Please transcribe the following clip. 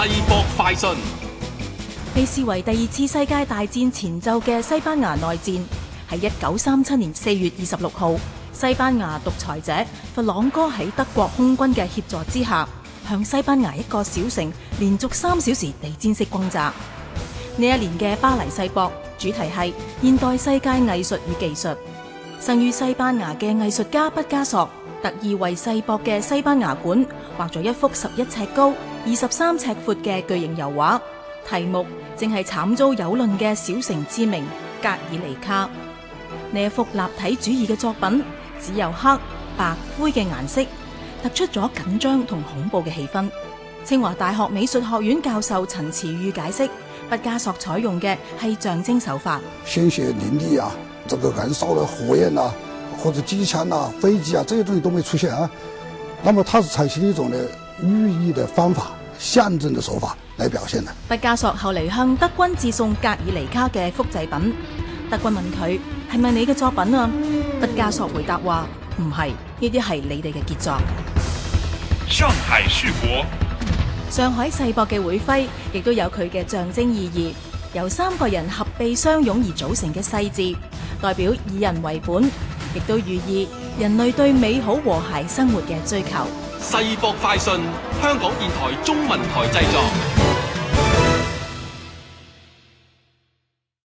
世博快訊，被視為第二次世界大戰前奏嘅西班牙內戰，喺一九三七年四月二十六號，西班牙獨裁者弗朗哥喺德國空軍嘅協助之下，向西班牙一個小城連續三小時地毯式轟炸。呢一年嘅巴黎世博主題係現代世界藝術與技術，生於西班牙嘅藝術家畢加索。特意為世博嘅西班牙館畫咗一幅十一尺高、二十三尺闊嘅巨型油畫，題目正係慘遭蹂躪嘅小城之名——格爾尼卡。呢幅立體主義嘅作品只有黑、白、灰嘅顏色，突出咗緊張同恐怖嘅氣氛。清華大學美術學院教授陳池瑜解釋：畢加索採用嘅係象徵手法，鮮血淋漓啊，這個燃燒的火焰啊。或者機槍啊、飛機啊這些東西都沒出現啊。那麼它是採取的一種的寓意的方法、象徵的手法來表現的。畢加索後來向德軍致送《格爾尼卡》嘅複製品，德軍問佢係咪你嘅作品啊？畢加索回答話唔係，呢啲係你哋嘅傑作。上海世博，上海世博嘅會徽亦都有佢嘅象徵意義，由三個人合臂相擁而組成嘅“世”字，代表以人為本。亦都寓意人類對美好和諧生活嘅追求。世博快訊，香港電台中文台製作。